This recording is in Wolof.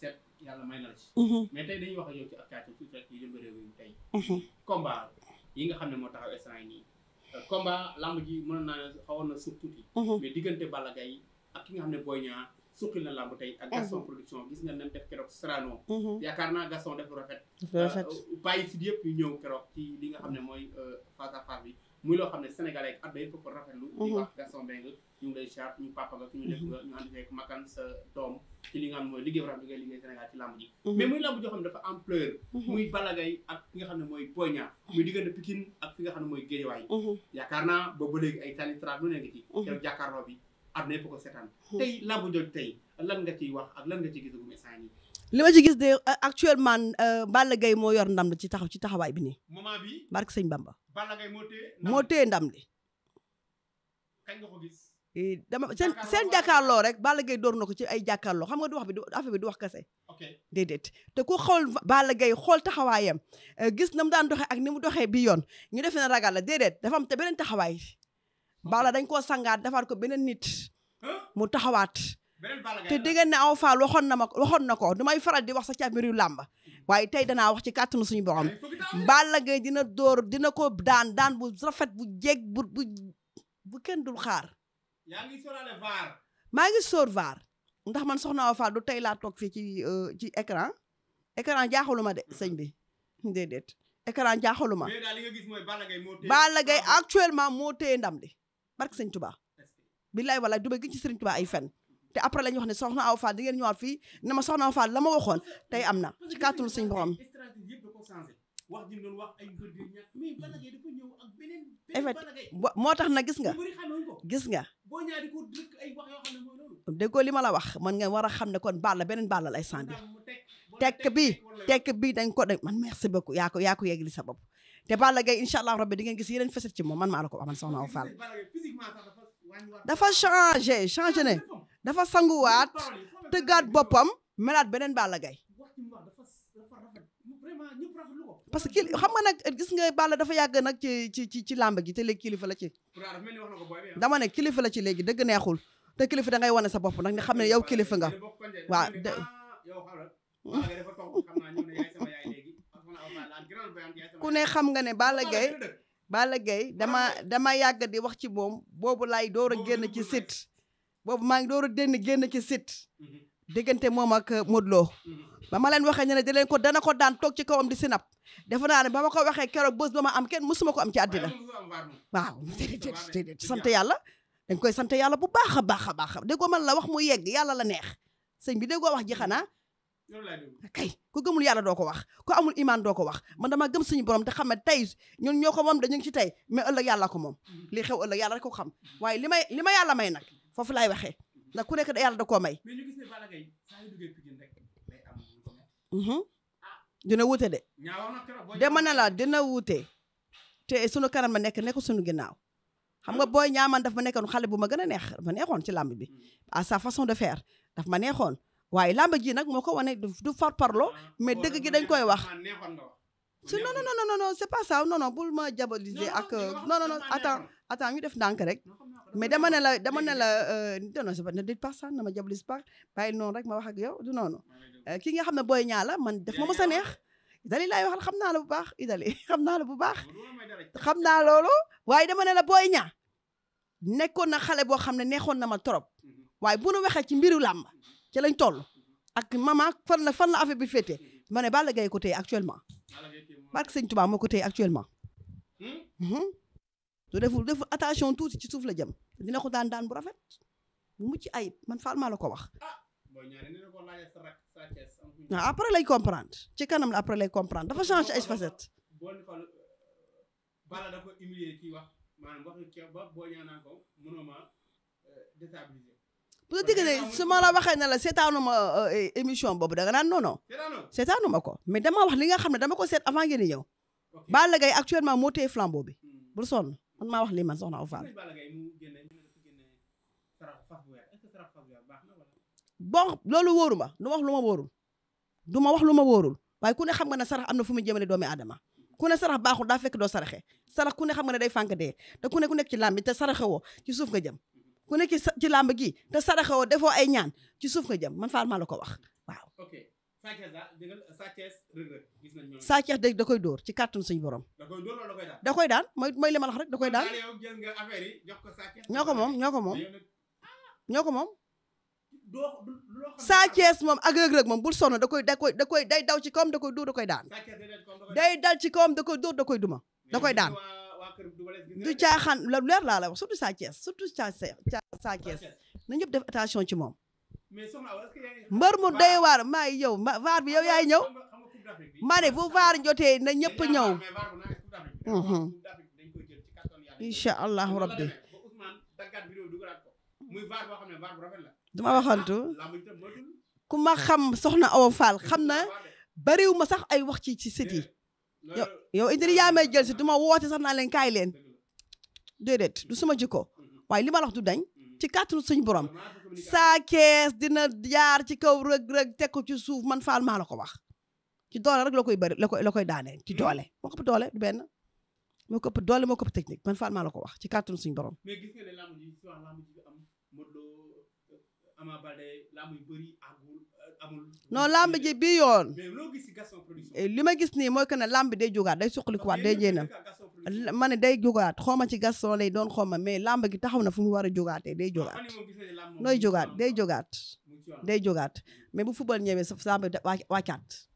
seet yàlla may na la ci. Mhm. mais tey dañuy wax ak yow ci occasion ci fekk yi yëngu réew mi tey. Mhm. combat yi nga xam ne moo taxaw instant yi nii. Euh, combat lamb ji naa ne xawoon na suuf tuuti. Mhm. diggante Balla Gaye ak ki nga xam ne Boy Niang suqil na lamb tey ak Gaston production gis nga nañ def keroog Strano. yaakaar naa Gaston def lu rafet. rafet bàyyi euh, euh, si yëpp yu ñëw keroog ci li nga xam ne mooy face à face bi. muy loo xam ne sénégalais ak adda yëpp ko rafetlu mhm. di wax Gaston Mbengue ñu ngi lay ñu papa nga ñu lépp nga ñu ànd fekk makan sa doom ci li nga xam ne mooy liggéey bi ngay liggéey Sénégal ci làmb mhm. mhm. ak fi nga xam ne mooy Boy Niang muy diggante Pikine ak fi nga xam ne mooy Guédiawaye yaakaar naa boobu léegi ay tali traat lu ne nga ci keroog jàkkaarloo bi adda yëpp ko seetaan tey tey lan nga ciy wax ak lan nga ciy gisagum instant yi li ma ci gis de euh, actuellement euh, Balla gay moo yor ndam li ci taxaw ci taxawaay bi nii. moment bi barke sëñ Bamba. moo téye ndam li moo téye ndam li. Eh, dama seen seen jàkkaarloo rek Balla gay door na ko ci ay jàkkaarloo xam nga du wax bi du affaire bi wax kese. ok déedéet te ku xool Balla gay xool taxawaayam euh, gis na mu daan doxee ak ni mu doxee bi yoon ñu defe na ragal la déedéet dafa am te beneen taxawaay. Balla dañ koo sangaat defaat ko beneen nit. mu taxawaat. te dégg ne aw faal waxoon na ma waxoon na ko du may faral di wax sa ca mbiru làmb waaye tey danaa wax ci kàttanu suñu borom Balla gay dina dóor dina ko daan daan bu rafet bu jeg bu bu kenn dul xaar maa ngi sóor vaar ndax man soxna aw faal du tey laa toog fii ci euh, ci écran écran jaaxaluma de sëñ bi déedéet écran jaaxaluma Balla gay actuellement moo téye ndam li barke sëñ Tuubaa billaay walaay du ma gis ci sëriñ ay fen te après la ñu wax ne soxna Awa Fall di ngeen ñëwaat fii ne ma soxna Awa Fall la ma waxoon tey am na ci kàttanu suñ borom. wax ji doon wax moo tax na gis nga gis nga boo ñaari ko dëkk li ma la wax man nga war a xam ne kon Balla beneen Balla lay sànni tekk bi tekk bi dañ ko dañ man merci beaucoup yaa ko yaa ko yegli sa bopp te Balla Gaye incha allah rabbi di ngeen gis yeneen facettes ci moom man maa ko wax man soxna Awa Fall dafa changé changé ne dafa sanguwaat tëggaat boppam melaat beneen Balla Gaye parce que xam nga nag gis nga baala dafa yàgg nag ci ci ci làmb gi te léegi kilifa la ci ah. dama ne kilifa la ci léegi dëgg neexul te kilifa da ngay wane sa bopp nag nga xam ne yow kilifa nga waaw ku ne xam nga ne baala Gaye Balla Gaye dama dama yàgg di wax ci moom boobu laay door a génn ci site boobu maa ngi door a dénn génn ci site mhm. diggante moom ak euh, Modou Lo mhm. ba ma leen waxee ne ne di leen ko dana ko daan toog ci kawam di sinap defe naa ne ba ma ko waxee keroog bés ba ma am kenn suma ko am ci àddina waaw déedéet sant yàlla dañ koy sant yàlla bu baax a baax a baax déggoo man la wax mu yegg yàlla la neex sëñ bi déggoo wax ji xanaa mhm. kay ko gëmul yàlla doo ko wax ku amul imaan doo ko wax man dama gëm suñu borom te xam ne tey ñun ñoo ko moom dañu ngi ci tey mais ëllëg yàlla ko moom li yàlla ko xam waaye li ma yàlla may nag foofu laay waxee ndax ku nekk yàlla da koo may. mais ñu gis ne Balla Gaye saa mhm. dina wuute de. dama ne la dina wuute. te sunu kanam ma nekk nekk sunu ginnaaw. xam nga booy ñaaman daf ma nekkoon xale bu ma gën a neex dafa neexoon ci làmb bi mm. à sa façon de faire daf ma neexoon waaye lamb ji nag moo ko wane du farparloo ah, mais dëgg gi dañ koy wax su non non non non non c'est pas ça non non bul ma diaboliser ak euh, non non non attends attends ñu def ndànk rek mais dama ne la dama ne la euh, non non c'est pas ne dites pas ça ne ma diabolise pas bàyyi noonu rek ma wax ak yow du noonu euh, ki nga xam ne booy ñaa la man def ma mos a neex idali laay waxal xam naa la bu baax idali xam naa la bu baax xam naa loolu waaye dama ne la booy ñaa nekkoon na xale boo xam ne neexoon na ma trop mhm. waaye bu nu waxee ci mbiru làmb ci lañ toll mhm. ak mama fan la fan la affaire bi féete mhm. ma ne Balla Gaye ko tey actuellement barke sëñ Tuubaa moo ko téye actuellement. Hmm? Hmm? su deful deful attention tuuti ci suuf la jëm dina ko daan daan bu rafet bu mucc ayib man Fall maa la ko wax. ah après lay comprendre ci kanam la après lay comprendre dafa changé ay facettes. bala da ko humilier kii wax maanaam wax ma euh, déstabiliser bu dee ne su ma la waxee ne la seetaanu ma euh, euh, émission boobu danga naan non non. seetaanu ko mais dama wax li nga xam ne dama ko seet avant ngeen di ñëw. Balla actuellement moo téye flambeau bi. Hmm. bul sonn maa wax lii man soxna Awa bon loolu wóoru ma du ma wax lu ma wax lu ma wóorul waaye ku ne xam nga ne sarax am na fu mu jëmale doomi aadama. ku ne sarax baaxul daa fekk doo saraxe sarax ku ne xam nga ne day fànk dee te ku ne ku nekk ci làmb bi te saraxe ci suuf nga jem ku nekk ci làmb gi te saraxawoo defoo ay ñaan ci suuf nga jëm man Fall maa la ko wax waaw. ok Sa Thiès da koy dóor ci kàttanu suñu borom. da koy dóor wala da koy daan da koy daan mooy mooy li ma la wax rek da daan. ñoo ko moom ñoo ko moom. Ah! ñoo ko moom. Sa moom ak Reug Reug moom bul sonn da koy da koy da koy day daw ci kawam da koy dóor da koy daan. day dal ci kawam da koy dóor da koy duma da koy daan. du caaxaan lu leer laa la wax surtout Sa Thiès surtout Sa Sa na ñëpp def attention ci moom mbër mu doy waar maa yow ma vaar bi yow yaay ñëw maa ne bu vaar jotee na ñëpp ñëw mhm. incha allahu rabbi duma waxantu ah, ku xam soxna Awa Fall xam na bariwu ma sax ay wax ci ci sët yow yow intérêt yaa may jël si du ma woote sax naa leen kaay leen déedéet du sama jikko mm-hmm. waaye li ma la dañ mm-hmm. ci kàttanu suñ borom saa kees dina jaar ci kaw rëg-rëg teg ko ci suuf man faal maa la ko wax ci doole rek la koy la koy la koy daanee ci mm-hmm. doole moo këpp doole du benn moo këpp doole moo këpp technique man faal maa la ko wax ci kàttanu suñ borom Euh, non làmb ji bi yoon eh, li ma gis nii mooy que ne làmb day jógaat day suqalikuwaat day jéenam ma ne day jógaat xooma ci Gaston lay doon xooma mais làmb gi taxaw na fu mu war a jogaatee day jógaat nooy jogaat day jógaat day jógaat mais bu football ñëwee sa làmb